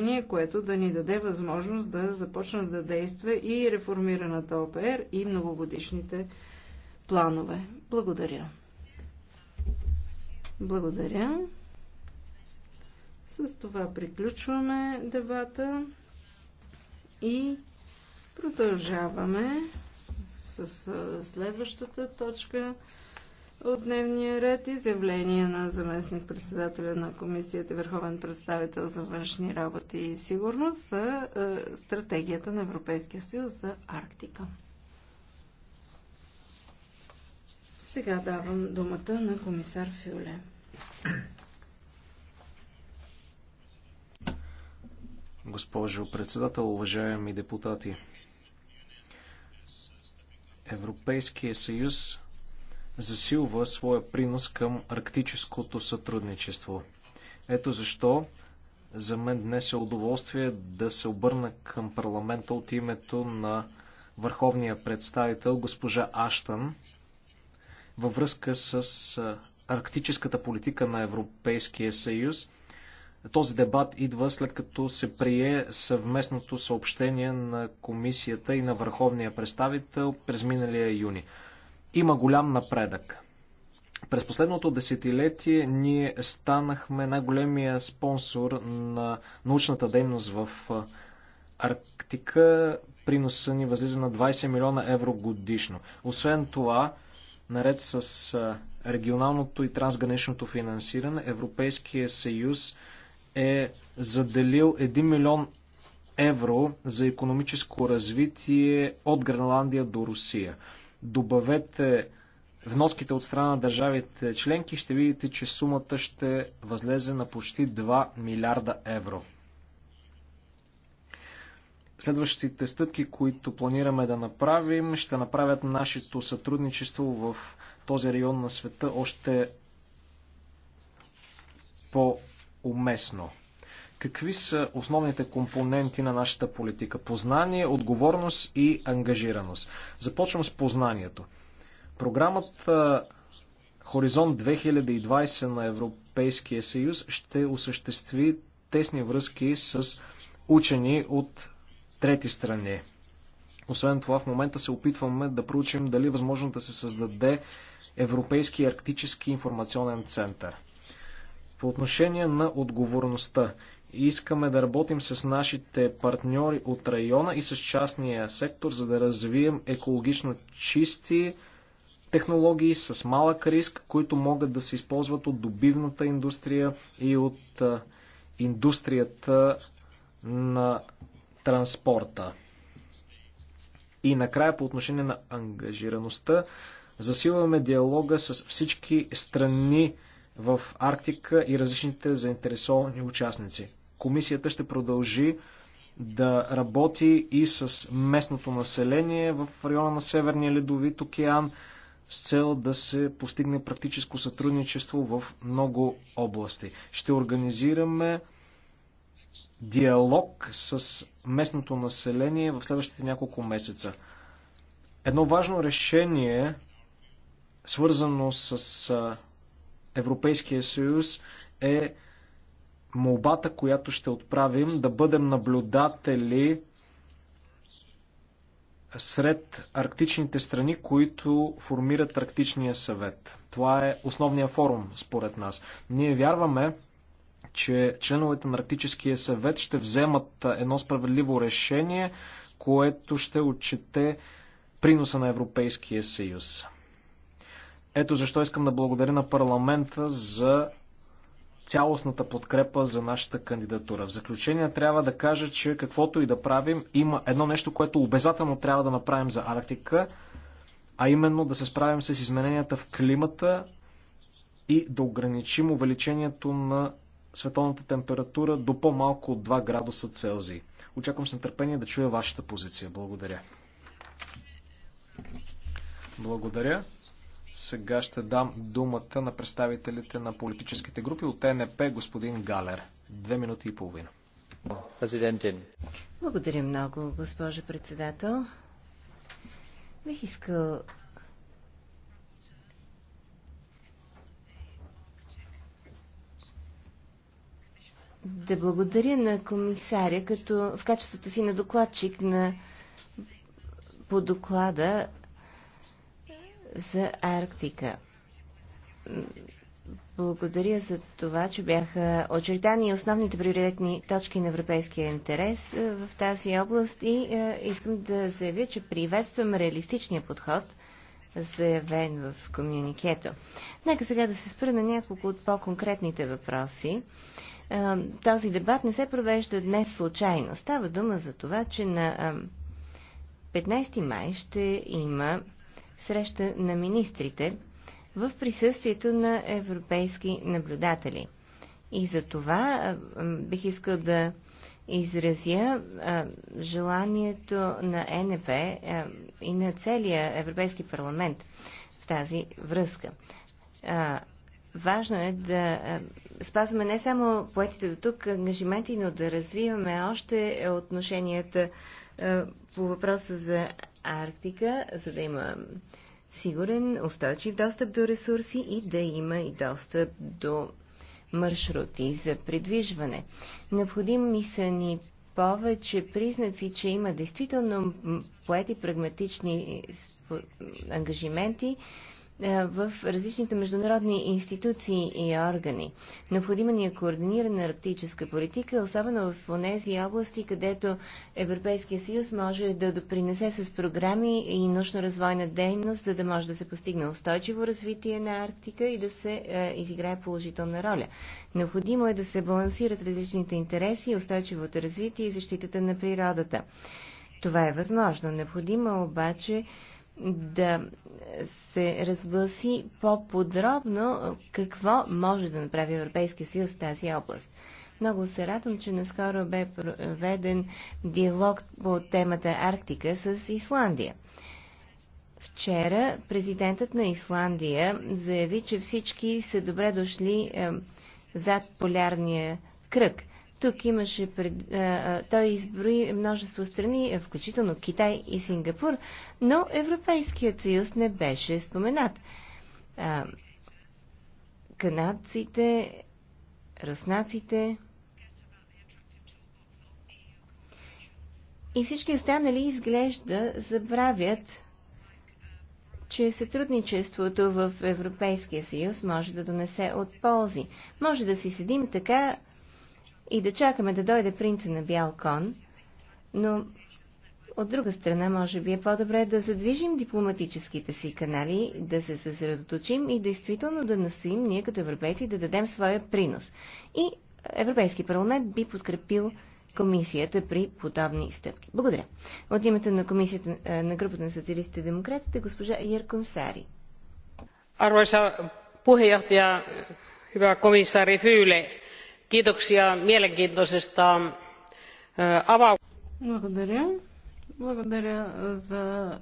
решение, което да ни даде възможност да започнат да действа и реформираната ОПР и многогодишните планове. Благодаря. Благодаря. С това приключваме дебата и продължаваме с следващата точка от дневния ред изявление на заместник председателя на комисията Върховен представител за външни работи и сигурност за е, стратегията на Европейския съюз за Арктика. Сега давам думата на комисар Фюле. Госпожо председател, уважаеми депутати, Европейския съюз засилва своя принос към арктическото сътрудничество. Ето защо за мен днес е удоволствие да се обърна към парламента от името на върховния представител госпожа Аштън във връзка с арктическата политика на Европейския съюз. Този дебат идва след като се прие съвместното съобщение на комисията и на върховния представител през миналия юни има голям напредък. През последното десетилетие ние станахме най-големия спонсор на научната дейност в Арктика. Приноса ни възлиза на 20 милиона евро годишно. Освен това, наред с регионалното и трансграничното финансиране, Европейския съюз е заделил 1 милион евро за економическо развитие от Гренландия до Русия добавете вноските от страна на държавите членки, ще видите, че сумата ще възлезе на почти 2 милиарда евро. Следващите стъпки, които планираме да направим, ще направят нашето сътрудничество в този район на света още по-уместно. Какви са основните компоненти на нашата политика? Познание, отговорност и ангажираност. Започвам с познанието. Програмата Хоризонт 2020 на Европейския съюз ще осъществи тесни връзки с учени от трети страни. Освен това, в момента се опитваме да проучим дали е възможно да се създаде Европейски арктически информационен център. По отношение на отговорността, Искаме да работим с нашите партньори от района и с частния сектор, за да развием екологично чисти технологии с малък риск, които могат да се използват от добивната индустрия и от индустрията на транспорта. И накрая по отношение на ангажираността, засилваме диалога с всички страни в Арктика и различните заинтересовани участници комисията ще продължи да работи и с местното население в района на Северния ледовит океан с цел да се постигне практическо сътрудничество в много области. Ще организираме диалог с местното население в следващите няколко месеца. Едно важно решение, свързано с Европейския съюз, е молбата, която ще отправим, да бъдем наблюдатели сред арктичните страни, които формират Арктичния съвет. Това е основния форум, според нас. Ние вярваме, че членовете на Арктическия съвет ще вземат едно справедливо решение, което ще отчете приноса на Европейския съюз. Ето защо искам да благодаря на парламента за цялостната подкрепа за нашата кандидатура. В заключение трябва да кажа, че каквото и да правим, има едно нещо, което обязателно трябва да направим за Арктика, а именно да се справим с измененията в климата и да ограничим увеличението на световната температура до по-малко от 2 градуса Целзий. Очаквам с нетърпение да чуя вашата позиция. Благодаря. Благодаря. Сега ще дам думата на представителите на политическите групи от ТНП, господин Галер. Две минути и половина. Президентин. Благодаря много, госпожа председател. Бих искал да благодаря на комисаря, като в качеството си на докладчик на по доклада за Арктика. Благодаря за това, че бяха очертани основните приоритетни точки на европейския интерес е, в тази област и е, искам да заявя, че приветствам реалистичния подход, заявен в комюникето. Нека сега да се спра на няколко от по-конкретните въпроси. Е, този дебат не се провежда днес случайно. Става дума за това, че на 15 май ще има среща на министрите в присъствието на европейски наблюдатели. И за това бих искал да изразя желанието на НП и на целия Европейски парламент в тази връзка. важно е да спазваме не само поетите до тук ангажименти, но да развиваме още отношенията по въпроса за Арктика, за да има сигурен, устойчив достъп до ресурси и да има и достъп до маршрути за придвижване. Необходими са ни повече признаци, че има действително поети прагматични ангажименти е, в различните международни институции и органи. Необходима ни е координирана арктическа политика, особено в тези области, където Европейския съюз може да допринесе с програми и научно-развойна дейност, за да може да се постигне устойчиво развитие на Арктика и да се е, изиграе положителна роля. Необходимо е да се балансират различните интереси, устойчивото развитие и защитата на природата. Това е възможно. Необходимо е обаче да се разгласи по-подробно какво може да направи Европейския съюз в тази област. Много се радвам, че наскоро бе проведен диалог по темата Арктика с Исландия. Вчера президентът на Исландия заяви, че всички са добре дошли е, зад полярния кръг. Тук имаше пред... той изброи множество страни, включително Китай и Сингапур, но Европейският съюз не беше споменат. Канадците, руснаците и всички останали изглежда забравят, че сътрудничеството в Европейския съюз може да донесе от ползи. Може да си седим така и да чакаме да дойде принца на бял кон, но от друга страна, може би е по-добре да задвижим дипломатическите си канали, да се съсредоточим и действително да настоим ние като европейци да дадем своя принос. И Европейски парламент би подкрепил комисията при подобни стъпки. Благодаря. От името на комисията е, на групата на социалистите и демократите, госпожа Йеркон Сари. Arvoisa puheenjohtaja, hyvä komissaari Fyyle, Kiitoksia mielenkiintoisesta Благодаря. Благодаря за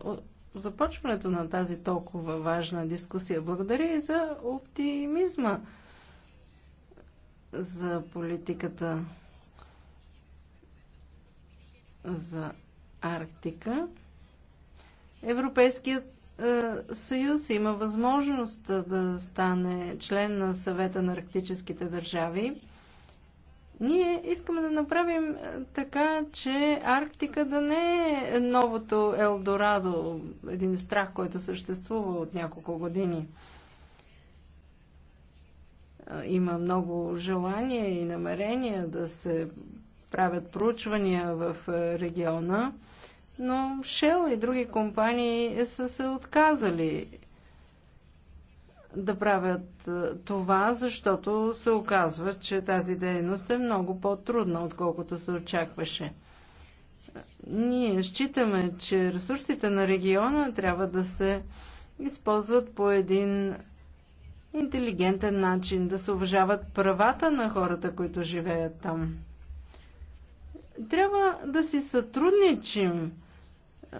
започването на тази толкова важна дискусия. Благодаря и за оптимизма за политиката за Арктика. Европейският е, съюз има възможност да стане член на съвета на арктическите държави. Ние искаме да направим е, така, че Арктика да не е новото Елдорадо, един страх, който съществува от няколко години. Е, има много желания и намерения да се правят проучвания в е, региона, но Shell и други компании са се отказали да правят е, това, защото се оказва, че тази дейност е много по-трудна, отколкото се очакваше. Е, ние считаме, че ресурсите на региона трябва да се използват по един интелигентен начин, да се уважават правата на хората, които живеят там. Трябва да си сътрудничим. Е,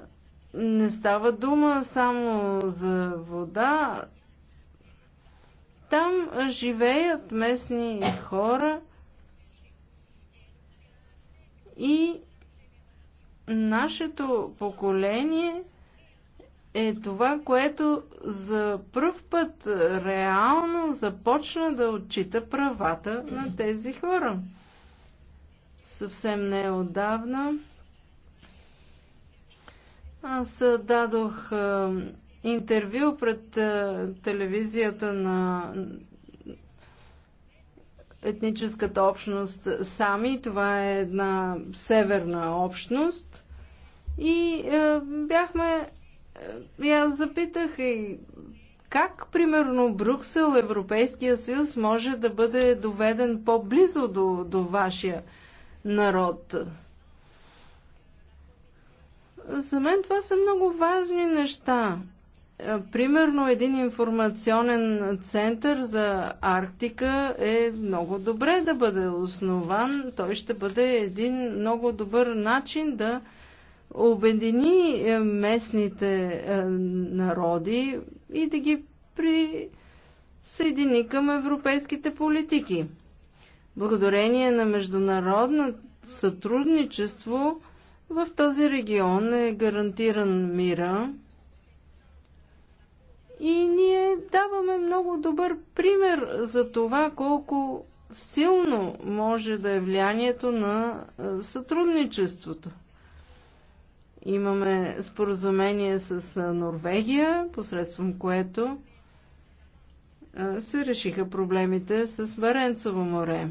не става дума само за вода, там живеят местни хора и нашето поколение е това, което за пръв път реално започна да отчита правата на тези хора. Съвсем не отдавна аз дадох интервю пред е, телевизията на етническата общност Сами. Това е една северна общност. И е, бяхме. И е, аз запитах и как, примерно, Брюксел, Европейския съюз може да бъде доведен по-близо до, до вашия народ? За мен това са много важни неща. Е, примерно един информационен център за Арктика е много добре да бъде основан. Той ще бъде един много добър начин да обедини е, местните е, народи и да ги присъедини към европейските политики. Благодарение на международно сътрудничество в този регион е гарантиран мира и ние даваме много добър пример за това колко силно може да е влиянието на сътрудничеството. Имаме споразумение с Норвегия, посредством което се решиха проблемите с Баренцово море.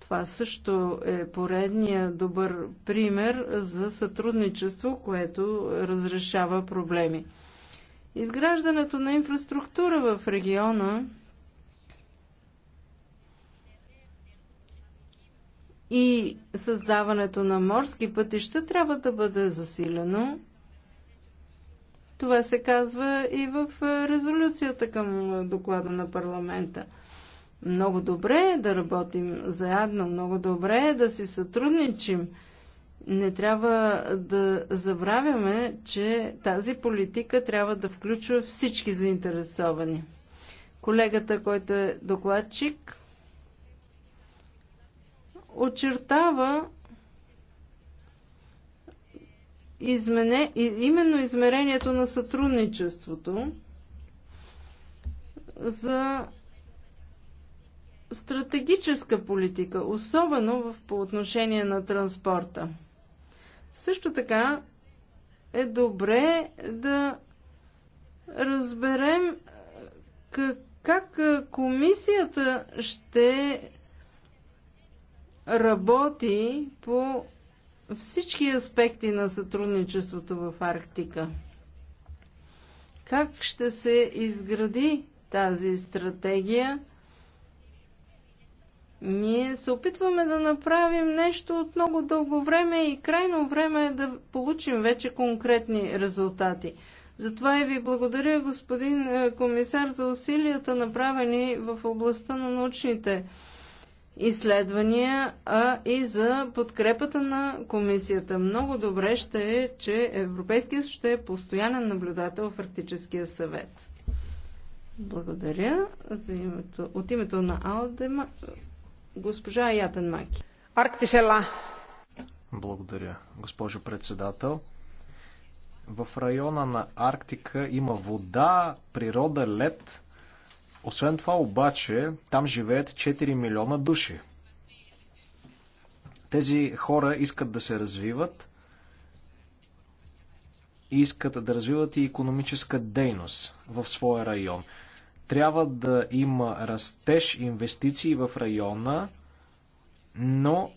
Това също е поредния добър пример за сътрудничество, което разрешава проблеми. Изграждането на инфраструктура в региона и създаването на морски пътища трябва да бъде засилено. Това се казва и в е, резолюцията към доклада на парламента. Много добре е да работим заедно, много добре е да си сътрудничим – не трябва да забравяме, че тази политика трябва да включва всички заинтересовани. Колегата, който е докладчик, очертава измене, именно измерението на сътрудничеството за стратегическа политика, особено в, по отношение на транспорта. Също така е добре да разберем е, как, как е, комисията ще работи по всички аспекти на сътрудничеството в Арктика. Как ще се изгради тази стратегия ние се опитваме да направим нещо от много дълго време и крайно време е да получим вече конкретни резултати. Затова и ви благодаря, господин е, комисар, за усилията направени в областта на научните изследвания, а и за подкрепата на комисията. Много добре ще е, че Европейският ще е постоянен наблюдател в Арктическия съвет. Благодаря за името, от името на Алдема Госпожа Ятен Маки. Арктисела. Благодаря, госпожо председател. В района на Арктика има вода, природа, лед. Освен това обаче, там живеят 4 милиона души. Тези хора искат да се развиват и искат да развиват и економическа дейност в своя район. Трябва да има растеж, инвестиции в района, но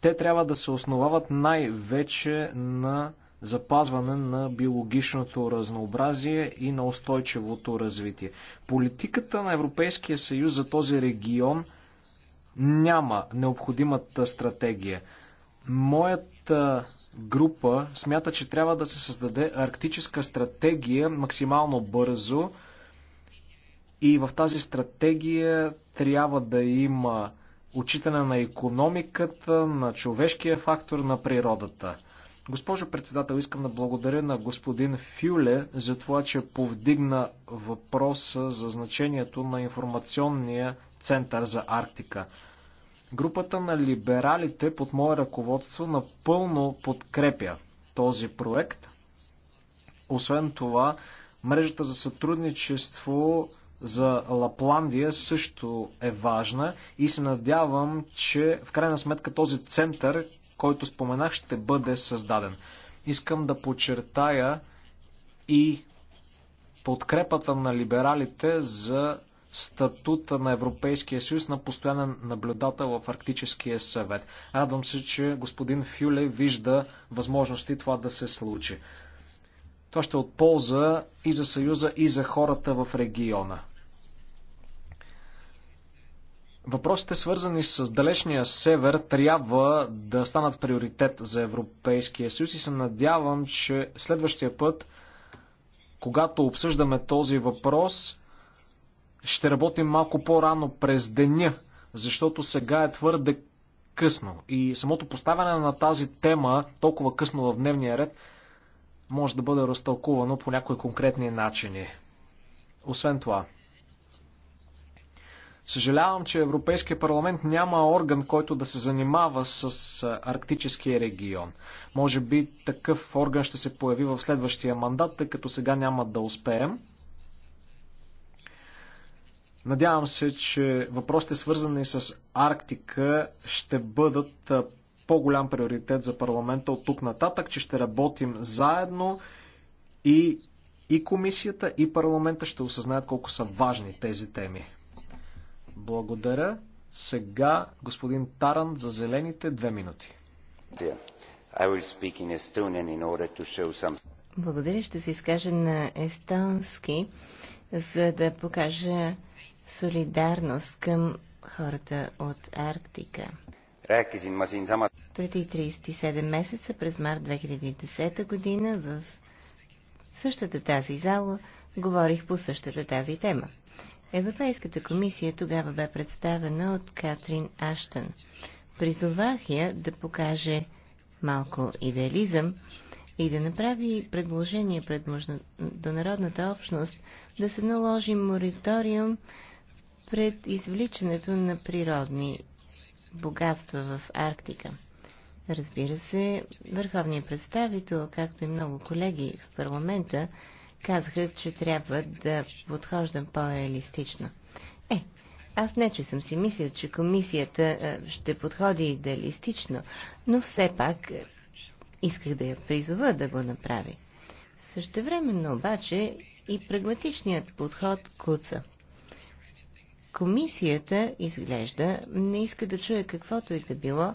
те трябва да се основават най-вече на запазване на биологичното разнообразие и на устойчивото развитие. Политиката на Европейския съюз за този регион няма необходимата стратегия. Моята група смята, че трябва да се създаде арктическа стратегия максимално бързо, и в тази стратегия трябва да има отчитане на економиката, на човешкия фактор, на природата. Госпожо председател, искам да благодаря на господин Фюле за това, че повдигна въпроса за значението на информационния център за Арктика. Групата на либералите под мое ръководство напълно подкрепя този проект. Освен това, мрежата за сътрудничество за Лапландия също е важна и се надявам, че в крайна сметка този център, който споменах, ще бъде създаден. Искам да подчертая и подкрепата на либералите за статута на Европейския съюз на постоянен наблюдател в Арктическия съвет. Радвам се, че господин Фюле вижда възможности това да се случи. Това ще е от полза и за Съюза, и за хората в региона. Въпросите, свързани с далечния север, трябва да станат приоритет за Европейския съюз и се надявам, че следващия път, когато обсъждаме този въпрос, ще работим малко по-рано през деня, защото сега е твърде късно и самото поставяне на тази тема толкова късно в дневния ред може да бъде разтълкувано по някои конкретни начини. Освен това, Съжалявам, че Европейския парламент няма орган, който да се занимава с арктическия регион. Може би такъв орган ще се появи в следващия мандат, тъй като сега няма да успеем. Надявам се, че въпросите свързани с Арктика ще бъдат по-голям приоритет за парламента от тук нататък, че ще работим заедно и, и комисията, и парламента ще осъзнаят колко са важни тези теми. Благодаря. Сега господин Таран за зелените две минути. Благодаря, ще се изкажа на естонски, за да покажа солидарност към хората от Арктика. Преди 37 месеца, през март 2010 година, в същата тази зала, говорих по същата тази тема. Европейската комисия тогава бе представена от Катрин Аштън. Призовах я да покаже малко идеализъм и да направи предложение пред международната общност да се наложи мориториум пред извличането на природни богатства в Арктика. Разбира се, върховният представител, както и много колеги в парламента, казаха, че трябва да подхождам по-реалистично. Е, аз не, че съм си мислил, че комисията ще подходи идеалистично, но все пак исках да я призова да го направи. Същевременно обаче и прагматичният подход куца. Комисията, изглежда, не иска да чуе каквото и да било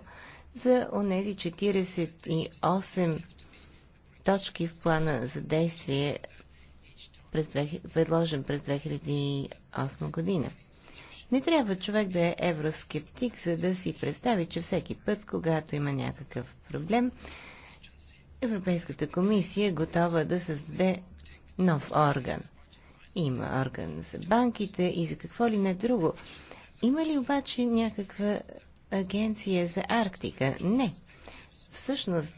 за онези 48 точки в плана за действие през 2000, предложен през 2008 година. Не трябва човек да е евроскептик, за да си представи, че всеки път, когато има някакъв проблем, Европейската комисия е готова да създаде нов орган. Има орган за банките и за какво ли не друго. Има ли обаче някаква агенция за Арктика? Не. Всъщност,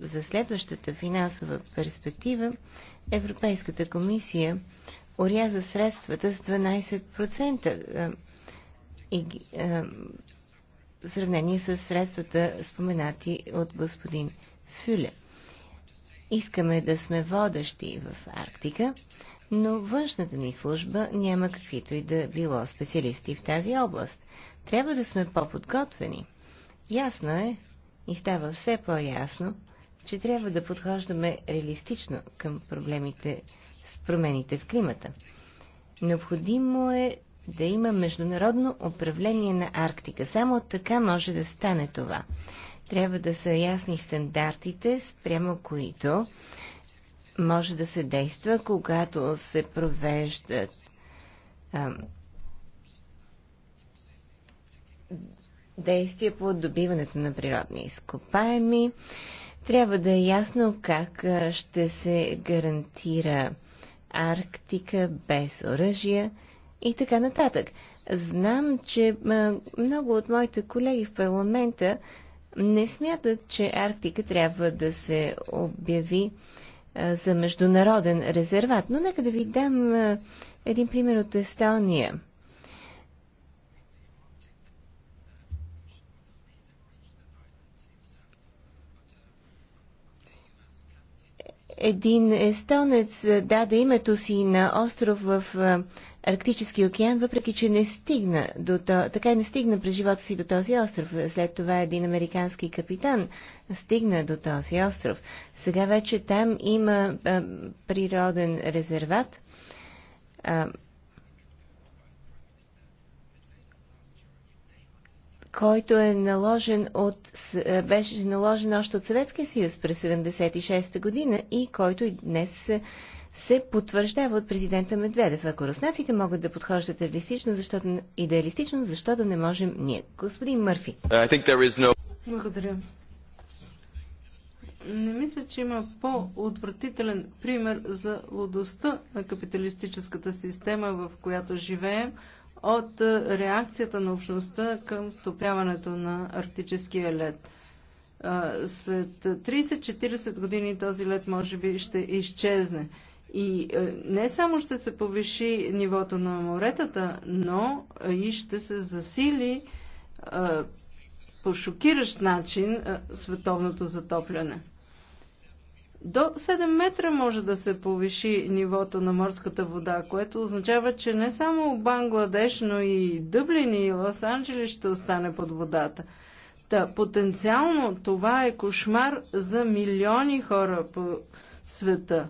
за следващата финансова перспектива Европейската комисия оряза средствата с 12% и в сравнение с средствата споменати от господин Фюле. Искаме да сме водещи в Арктика, но външната ни служба няма каквито и да било специалисти в тази област. Трябва да сме по-подготвени. Ясно е и става все по-ясно, че трябва да подхождаме реалистично към проблемите с промените в климата. Необходимо е да има международно управление на Арктика. Само така може да стане това. Трябва да са ясни стандартите, спрямо които може да се действа, когато се провеждат а, действия по добиването на природни изкопаеми, трябва да е ясно как ще се гарантира Арктика без оръжия и така нататък. Знам, че много от моите колеги в парламента не смятат, че Арктика трябва да се обяви за международен резерват. Но нека да ви дам един пример от Естония. Един естонец е, даде името си на остров в е, Арктически океан, въпреки че не стигна до то, така и не стигна през живота си до този остров. След това един американски капитан стигна до този остров. Сега вече там има а, е, природен резерват. А, който е наложен от, е, беше наложен още от Съветския съюз през 76-та година и който и днес се потвърждава от президента Медведев. Ако руснаците могат да подхождат реалистично, защото, идеалистично, защо да не можем ние? Господин Мърфи. No... Благодаря. Не мисля, че има по-отвратителен пример за лудостта на капиталистическата система, в която живеем, от е, реакцията на общността към стопяването на арктическия лед. След 30-40 години този лед може би ще изчезне. И е, не само ще се повиши нивото на моретата, но е, и ще се засили по шокиращ начин световното затопляне. До 7 метра може да се повиши нивото на морската вода, което означава, че не само Бангладеш, но и Дъблин и Лос-Анджелес ще остане под водата. Та, потенциално това е кошмар за милиони хора по света.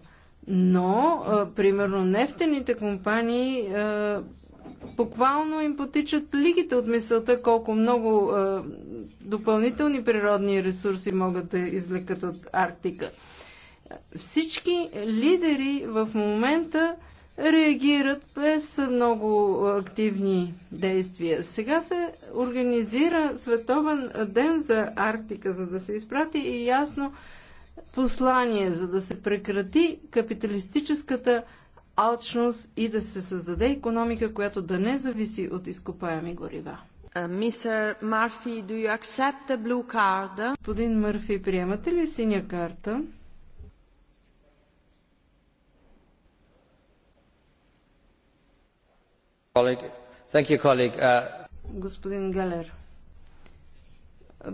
Но, а, примерно, нефтените компании а, буквално им потичат лигите от мисълта колко много а, допълнителни природни ресурси могат да излекат от Арктика. Всички лидери в момента реагират без много активни действия. Сега се организира Световен ден за Арктика, за да се изпрати и ясно послание, за да се прекрати капиталистическата алчност и да се създаде економика, която да не зависи от изкопаеми горива. Uh, мистер Марфи, do you accept the blue card? Господин Мърфи, приемате ли синя карта? Uh, Господин Галер,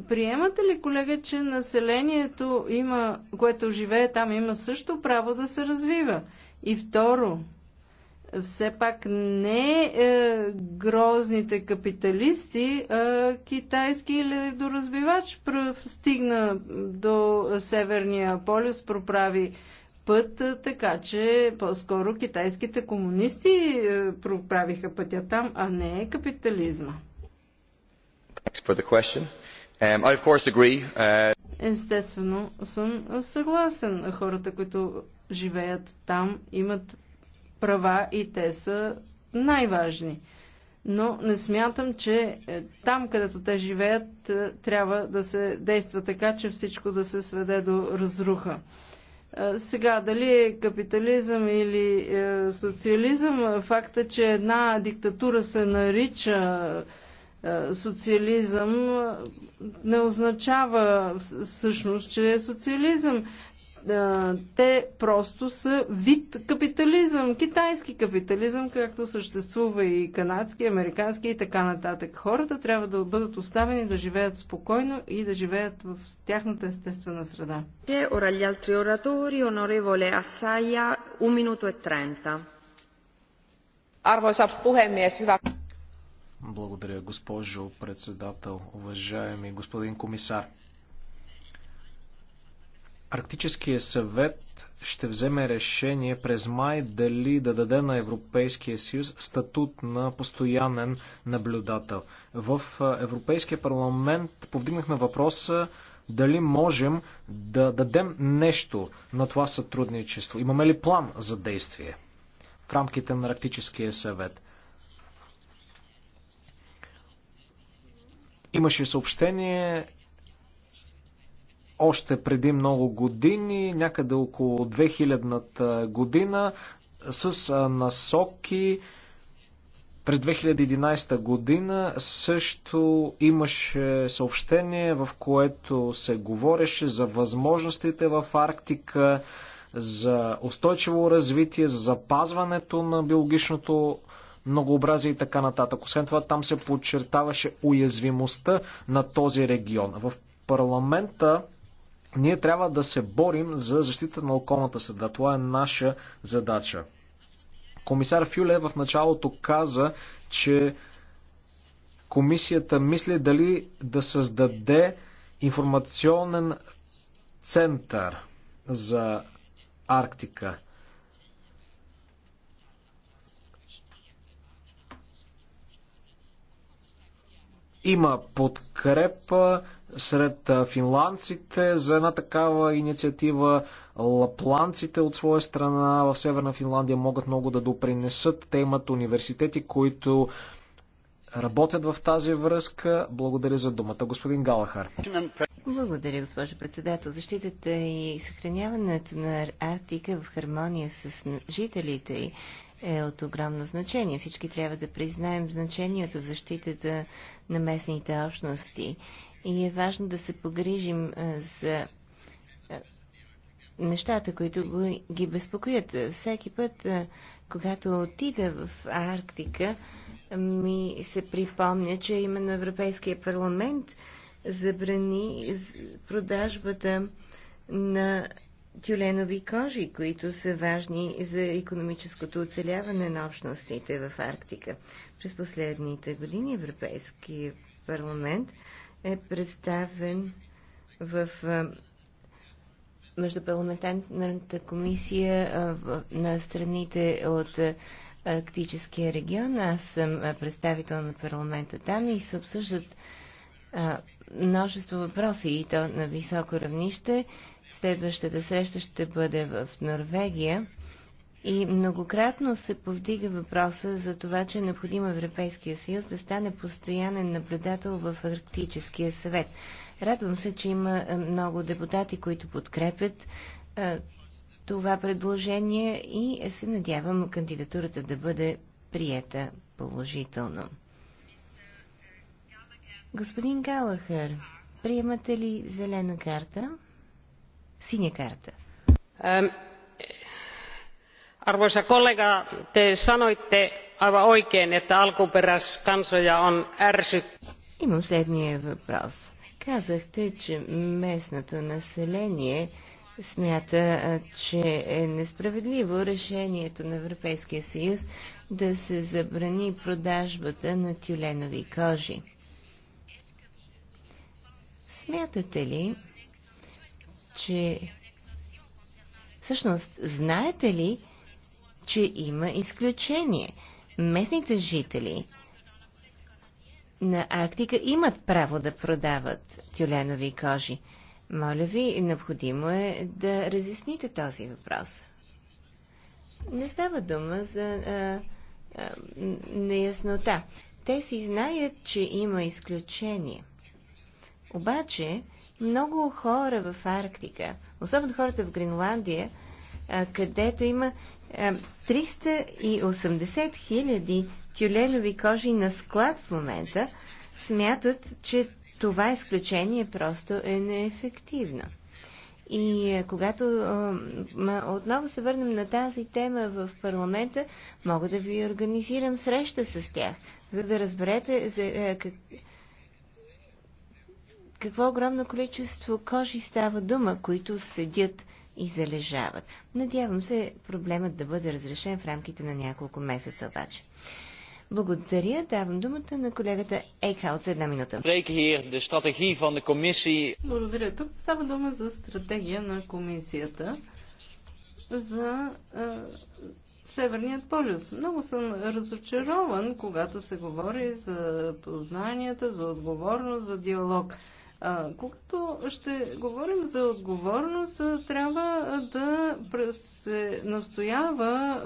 приемате ли, колега, че населението, има, което живее там, има също право да се развива? И второ, все пак не е, грозните капиталисти, а е, китайски ледоразбивач пръв стигна до Северния полюс, проправи път, е, така че по-скоро китайските комунисти е, проправиха пътя там, а не капитализма. Um, uh, Естествено съм съгласен. Хората, които живеят там, имат права и те са най-важни. Но не смятам, че е, там, където те живеят, трябва да се действа така, че всичко да се сведе до разруха. Сега, дали е капитализъм или е, социализъм, факта, че една диктатура се нарича е, социализъм, не означава всъщност, че е социализъм те просто са вид капитализъм, китайски капитализъм, както съществува и канадски, американски и така нататък. Хората трябва да бъдат оставени да живеят спокойно и да живеят в тяхната естествена среда. Те орали altri oratori, onorevole Assaia, 1 minuto e 30. Arvoisa puhemies, hyvä благодаря, госпожо председател. Уважаеми господин комисар, Арктическия съвет ще вземе решение през май дали да даде на Европейския съюз статут на постоянен наблюдател. В Европейския парламент повдигнахме въпроса дали можем да дадем нещо на това сътрудничество. Имаме ли план за действие в рамките на Арктическия съвет? Имаше съобщение още преди много години, някъде около 2000-та година, с насоки през 2011 година също имаше съобщение, в което се говореше за възможностите в Арктика, за устойчиво развитие, за запазването на биологичното многообразие и така нататък. Освен това, там се подчертаваше уязвимостта на този регион. В парламента ние трябва да се борим за защита на околната среда. Това е наша задача. Комисар Фюле в началото каза, че комисията мисли дали да създаде информационен център за Арктика – Има подкрепа сред финландците за една такава инициатива. Лапланците от своя страна в Северна Финландия могат много да допринесат. Те имат университети, които работят в тази връзка. Благодаря за думата, господин Галахар. Благодаря, госпожо председател. Защитата и съхраняването на Арктика в хармония с жителите и е от огромно значение. Всички трябва да признаем значението в защитата на местните общности. И е важно да се погрижим е, за е, нещата, които ги безпокоят. Всеки път, е, когато отида в Арктика, ми се припомня, че именно Европейския парламент забрани продажбата на тюленови кожи, които са важни за економическото оцеляване на общностите в Арктика. През последните години Европейски парламент е представен в Междупарламентарната комисия на страните от Арктическия регион. Аз съм представител на парламента там и се обсъждат множество въпроси и то на високо равнище Следващата среща ще бъде в Норвегия. И многократно се повдига въпроса за това, че е необходимо Европейския съюз да стане постоянен наблюдател в Арктическия съвет. Радвам се, че има е, много депутати, които подкрепят а, е, това предложение и се надявам кандидатурата да бъде приета положително. Господин Галахър, приемате ли зелена карта? Синя карта. Arvoisa kollega, te sanoitte aivan oikein, että alkuperäiskansoja on ärsy. Имам следния въпрос. Казахте, че местното население смята, че е несправедливо решението на Европейския съюз да се забрани продажбата на тюленови кожи. Смятате ли, че всъщност знаете ли, че има изключение? Местните жители на Арктика имат право да продават тюленови кожи. Моля ви, необходимо е да разясните този въпрос. Не става дума за а, а, неяснота. Те си знаят, че има изключение – обаче, много хора в Арктика, особено хората в Гренландия, където има 380 хиляди тюленови кожи на склад в момента, смятат, че това изключение просто е неефективно. И когато отново се върнем на тази тема в парламента, мога да ви организирам среща с тях, за да разберете за, как, какво огромно количество кожи става дума, които седят и залежават. Надявам се проблемът да бъде разрешен в рамките на няколко месеца обаче. Благодаря. Давам думата на колегата Ейкхаут за една минута. Благодаря. Тук става дума за стратегия на комисията за е, Северният полюс. Много съм разочарован, когато се говори за познанията, за отговорност, за диалог. Когато ще говорим за отговорност, трябва да се настоява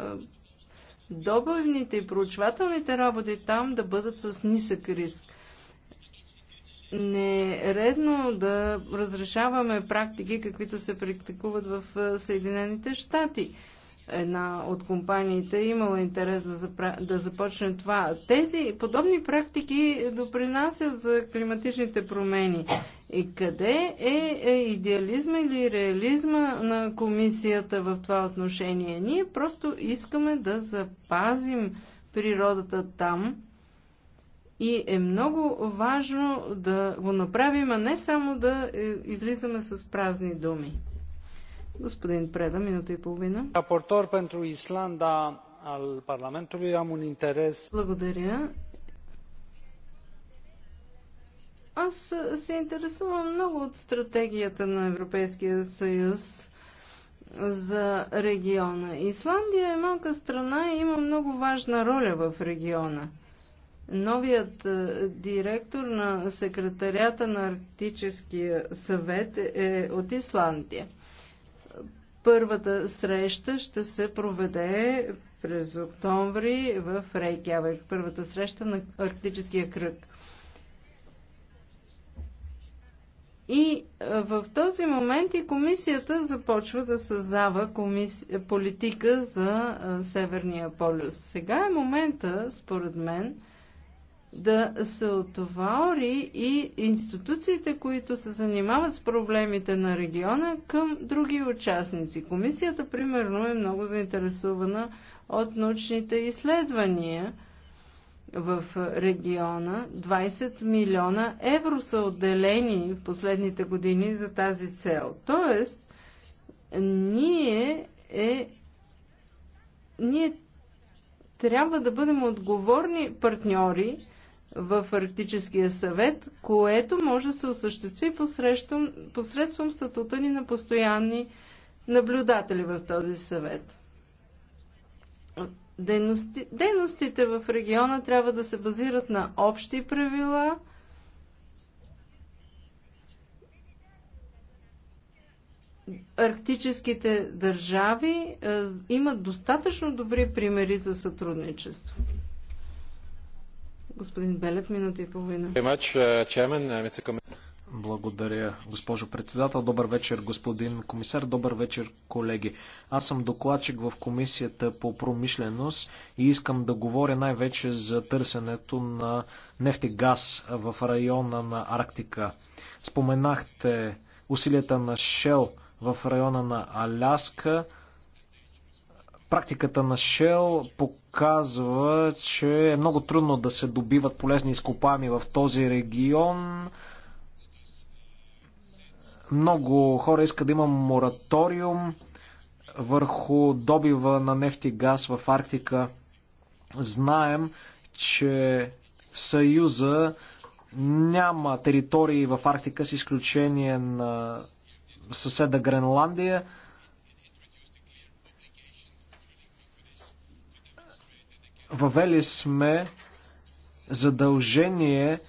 добавните и проучвателните работи там да бъдат с нисък риск. Не е редно да разрешаваме практики, каквито се практикуват в Съединените щати една от компаниите е имала интерес да, запра... да започне това. Тези подобни практики допринасят за климатичните промени. И къде е, е идеализма или реализма на комисията в това отношение? Ние просто искаме да запазим природата там, и е много важно да го направим, а не само да е, излизаме с празни думи. Господин Преда, минута и половина. Рапортор pentru Исланда al Parlamentului am un interes. Благодаря. Аз се интересувам много от стратегията на Европейския съюз за региона. Исландия е малка страна и има много важна роля в региона. Новият е, директор на секретарята на Арктическия съвет е от Исландия. Първата среща ще се проведе през октомври в Рейкявек. Първата среща на Арктическия кръг. И в този момент и комисията започва да създава комис... политика за Северния полюс. Сега е момента, според мен, да се отвори и институциите, които се занимават с проблемите на региона към други участници. Комисията, примерно, е много заинтересувана от научните изследвания в региона. 20 милиона евро са отделени в последните години за тази цел. Тоест, ние е ние трябва да бъдем отговорни партньори в Арктическия съвет, което може да се осъществи посредством, посредством статута ни на постоянни наблюдатели в този съвет. Дейности, дейностите в региона трябва да се базират на общи правила, арктическите държави е, имат достатъчно добри примери за сътрудничество. Господин Белев, минута и половина. Uh, uh, Благодаря, госпожо председател. Добър вечер, господин комисар. Добър вечер, колеги. Аз съм докладчик в Комисията по промишленост и искам да говоря най-вече за търсенето на нефт и газ в района на Арктика. Споменахте усилията на Шел в района на Аляска. Практиката на Shell показва, че е много трудно да се добиват полезни изкопами в този регион. Много хора искат да има мораториум върху добива на нефт и газ в Арктика. Знаем, че Съюза няма територии в Арктика с изключение на съседа Гренландия – Въвели сме задължение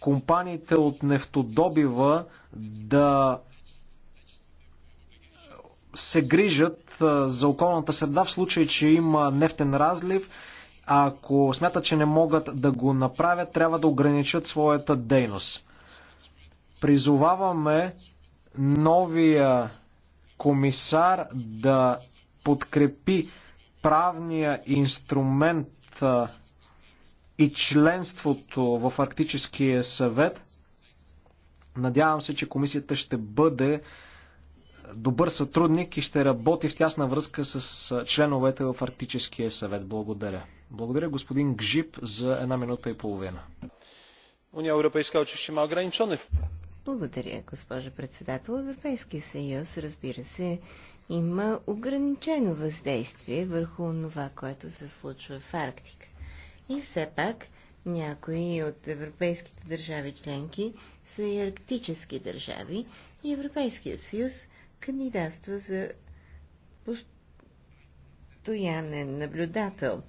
компаниите от нефтодобива да се грижат за околната среда в случай, че има нефтен разлив. А ако смятат, че не могат да го направят, трябва да ограничат своята дейност. Призоваваме новия комисар да подкрепи правния инструмент и членството в Арктическия съвет, надявам се, че комисията ще бъде добър сътрудник и ще работи в тясна връзка с членовете в Арктическия съвет. Благодаря. Благодаря господин Гжип за една минута и половина. Уния Европейска очище има ограничен. Благодаря, госпожа председател. Европейския съюз, разбира се, има ограничено въздействие върху това, което се случва в Арктика. И все пак някои от европейските държави членки са и арктически държави и Европейският съюз кандидатства за постоянен наблюдател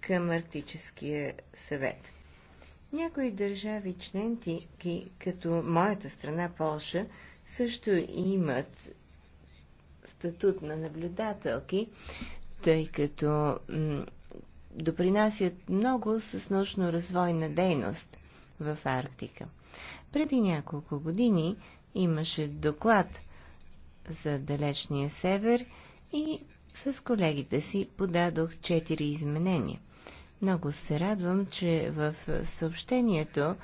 към Арктическия съвет. Някои държави членки, като моята страна Полша, също имат статут на наблюдателки, тъй като допринасят много с научно-развойна дейност в Арктика. Преди няколко години имаше доклад за далечния север и с колегите си подадох четири изменения. Много се радвам, че в съобщението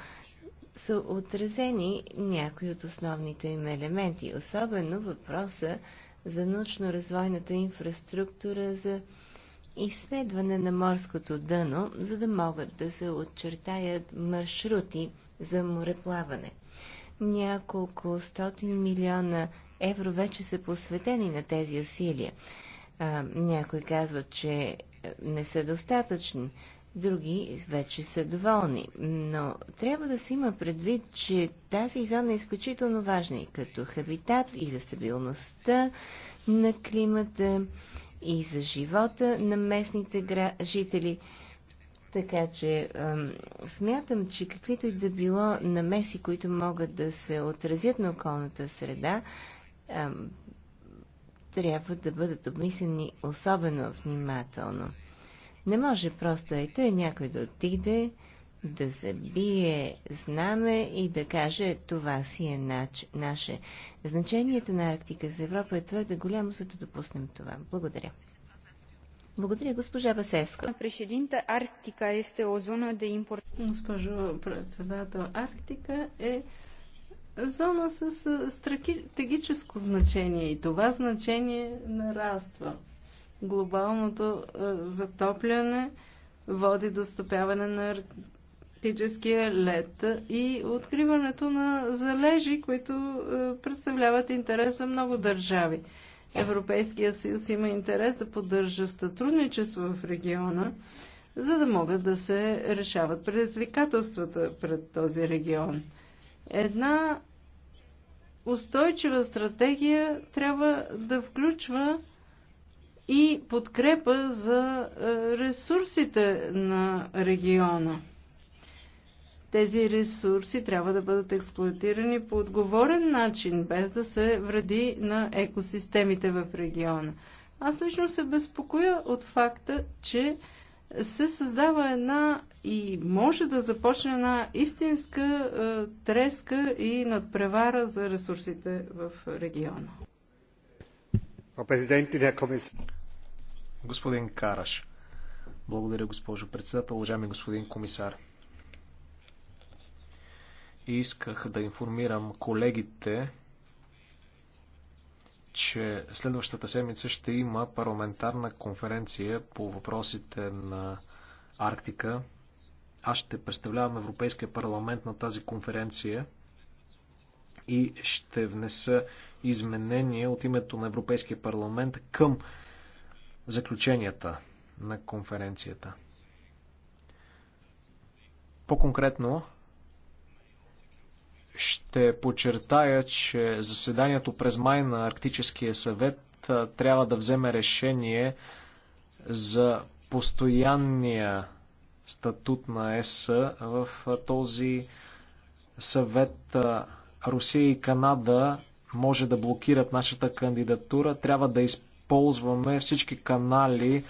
са отразени някои от основните им елементи, особено въпроса за научно-развойната инфраструктура за изследване на морското дъно, за да могат да се отчертаят маршрути за мореплаване. Няколко стотин милиона евро вече са посветени на тези усилия. А, някои казват, че е, не са достатъчни други вече са доволни. Но трябва да се има предвид, че тази зона е изключително важна и като хабитат, и за стабилността на климата, и за живота на местните гра... жители. Така че смятам, че каквито и да било намеси, които могат да се отразят на околната среда, трябва да бъдат обмислени особено внимателно. Не може просто и тъй някой да отиде, да забие знаме и да каже това си е нач, наше. Значението на Арктика за Европа е твърде голямо, за да допуснем това. Благодаря. Благодаря, госпожа Басеско. Președинта, Арктика е o zonă да импорт... Госпожо председател, Арктика е зона с стратегическо значение и това значение нараства глобалното затопляне води до стопяване на арктическия лед и откриването на залежи, които представляват интерес за много държави. Европейския съюз има интерес да поддържа сътрудничество в региона, за да могат да се решават предизвикателствата пред този регион. Една устойчива стратегия трябва да включва и подкрепа за е, ресурсите на региона. Тези ресурси трябва да бъдат експлуатирани по отговорен начин, без да се вреди на екосистемите в региона. Аз лично се безпокоя от факта, че се създава една и може да започне една истинска е, треска и надпревара за ресурсите в региона. Господин Караш. Благодаря, госпожо председател, уважаеми господин комисар. И исках да информирам колегите, че следващата седмица ще има парламентарна конференция по въпросите на Арктика. Аз ще представлявам Европейския парламент на тази конференция и ще внеса изменения от името на Европейския парламент към заключенията на конференцията. По-конкретно, ще подчертая, че заседанието през май на Арктическия съвет трябва да вземе решение за постоянния статут на ЕС в този съвет. Русия и Канада може да блокират нашата кандидатура. Трябва да изпълнят използваме всички канали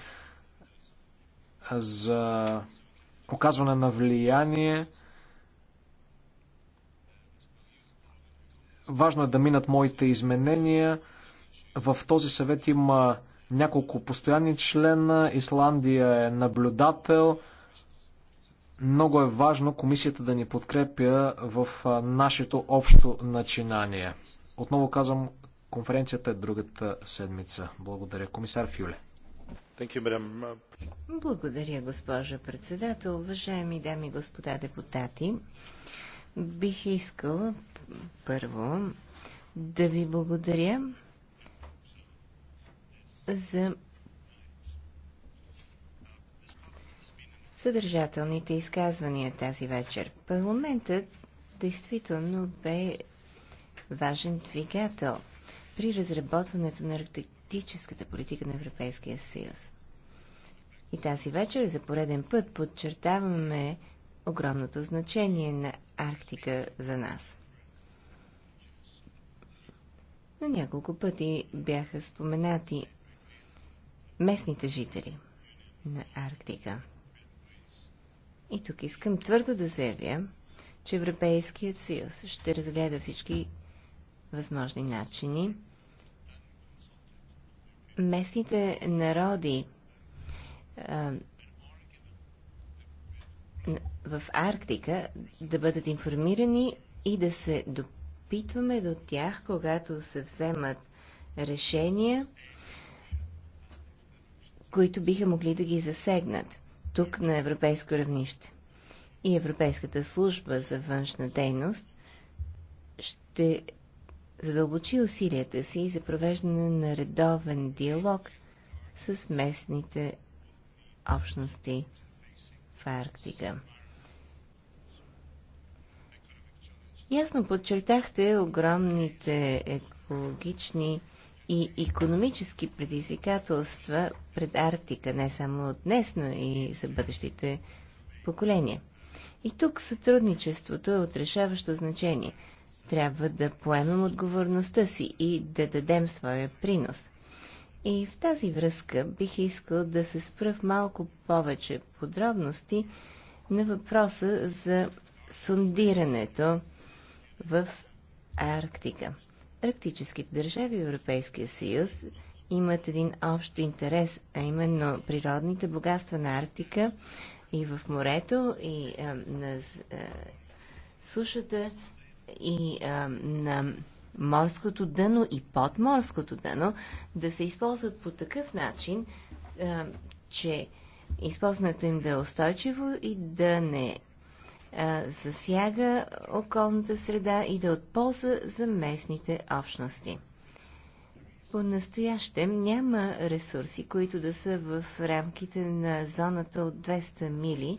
за оказване на влияние. Важно е да минат моите изменения. В този съвет има няколко постоянни члена. Исландия е наблюдател. Много е важно комисията да ни подкрепя в нашето общо начинание. Отново казвам, Конференцията е другата седмица. Благодаря. Комисар Фюле. Благодаря, госпожа председател. Уважаеми дами и господа депутати, бих искала първо да ви благодаря за съдържателните изказвания тази вечер. Парламентът действително бе важен двигател – при разработването на арктическата политика на Европейския съюз. И тази вечер за пореден път подчертаваме огромното значение на Арктика за нас. На няколко пъти бяха споменати местните жители на Арктика. И тук искам твърдо да заявя, че Европейският съюз ще разгледа всички възможни начини местните народи а, в Арктика да бъдат информирани и да се допитваме до тях, когато се вземат решения, които биха могли да ги засегнат тук на европейско равнище. И Европейската служба за външна дейност ще задълбочи усилията си за провеждане на редовен диалог с местните общности в Арктика. Ясно подчертахте огромните екологични и економически предизвикателства пред Арктика, не само днес, но и за бъдещите поколения. И тук сътрудничеството е от решаващо значение – трябва да поемем отговорността си и да дадем своя принос. И в тази връзка бих искал да се спра в малко повече подробности на въпроса за сондирането в Арктика. Арктическите държави и Европейския съюз имат един общ интерес, а именно природните богатства на Арктика и в морето, и а, на а, сушата, и а, на морското дъно и подморското дъно да се използват по такъв начин, а, че използването им да е устойчиво и да не а, засяга околната среда и да е от полза за местните общности. По-настоящем няма ресурси, които да са в рамките на зоната от 200 мили,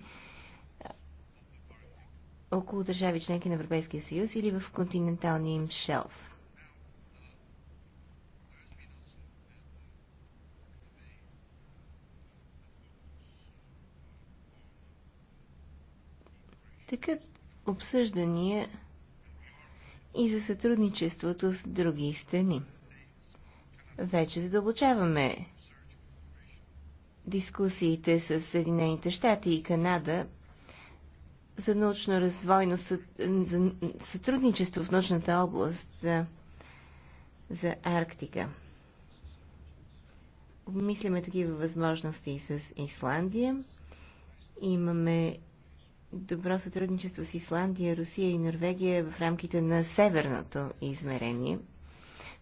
около държави членки на Европейския съюз или в континенталния им шелф. Такът обсъждания и за сътрудничеството с други страни. Вече задълбочаваме дискусиите с Съединените щати и Канада за научно-развойно сътрудничество в научната област за Арктика. Обмисляме такива възможности с Исландия. Имаме добро сътрудничество с Исландия, Русия и Норвегия в рамките на северното измерение.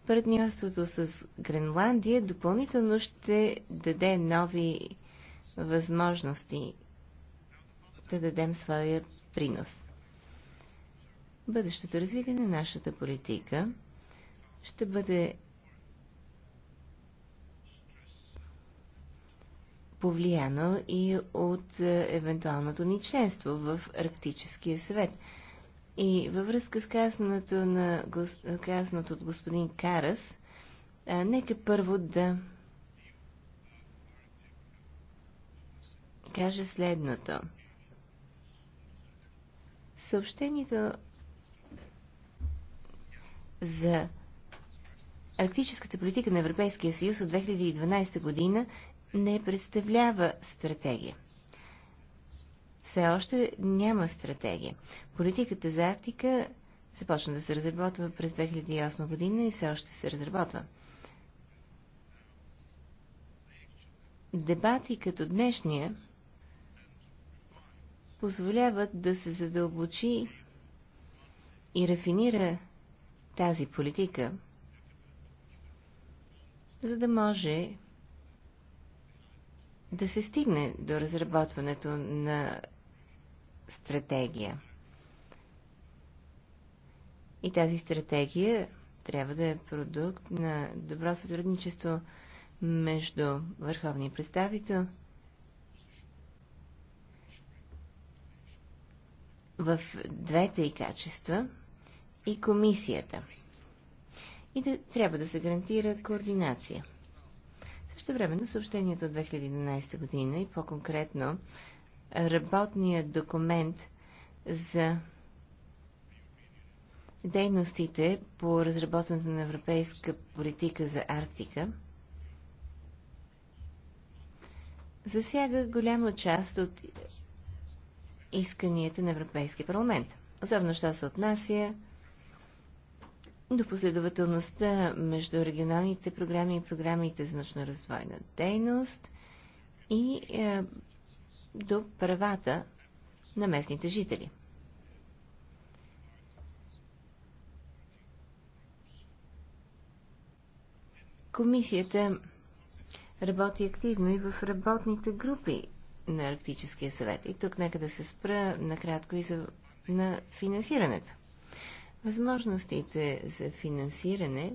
Партньорството с Гренландия допълнително ще даде нови възможности да дадем своя принос. Бъдещото развитие на нашата политика ще бъде повлияно и от е, евентуалното ни членство в Арктическия съвет. И във връзка с казаното, на, казаното от господин Карас, а, нека първо да кажа следното. Съобщението за арктическата политика на Европейския съюз от 2012 година не представлява стратегия. Все още няма стратегия. Политиката за Арктика започна да се разработва през 2008 година и все още се разработва. Дебати като днешния позволяват да се задълбочи и рафинира тази политика, за да може да се стигне до разработването на стратегия. И тази стратегия трябва да е продукт на добро сътрудничество между върховния представител – в двете и качества и комисията. И да, трябва да се гарантира координация. Също време на съобщението от 2011 година и по-конкретно работният документ за дейностите по разработването на европейска политика за Арктика засяга голяма част от исканията на Европейския парламент. Особено, що се отнася до последователността между регионалните програми и програмите за научно-развойна дейност и е, до правата на местните жители. Комисията работи активно и в работните групи на Арктическия съвет. И тук нека да се спра накратко и за, на финансирането. Възможностите за финансиране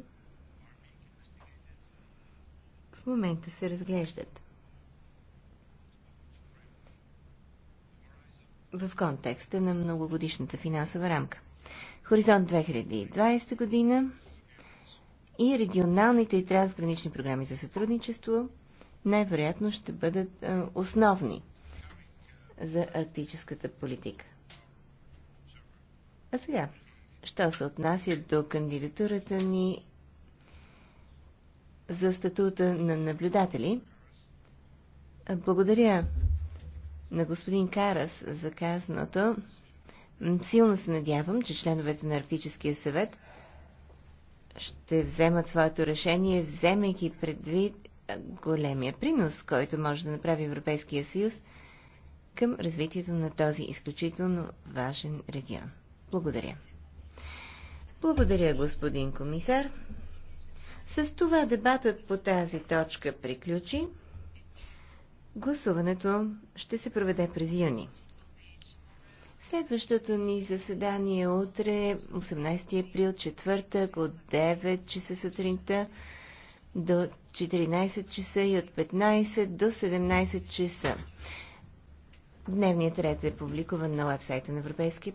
в момента се разглеждат. в контекста на многогодишната финансова рамка. Хоризонт 2020 година и регионалните и трансгранични програми за сътрудничество – най-вероятно ще бъдат е, основни за арктическата политика. А сега, що се отнася до кандидатурата ни за статута на наблюдатели, е, благодаря на господин Карас за казаното. Силно се надявам, че членовете на Арктическия съвет ще вземат своето решение, вземайки предвид големия принос, който може да направи Европейския съюз към развитието на този изключително важен регион. Благодаря. Благодаря, господин комисар. С това дебатът по тази точка приключи. Гласуването ще се проведе през юни. Следващото ни заседание утре, 18 април, четвъртък от 9 часа сутринта до 14 часа и от 15 до 17 часа. Дневният ред е публикуван на вебсайта на Европейския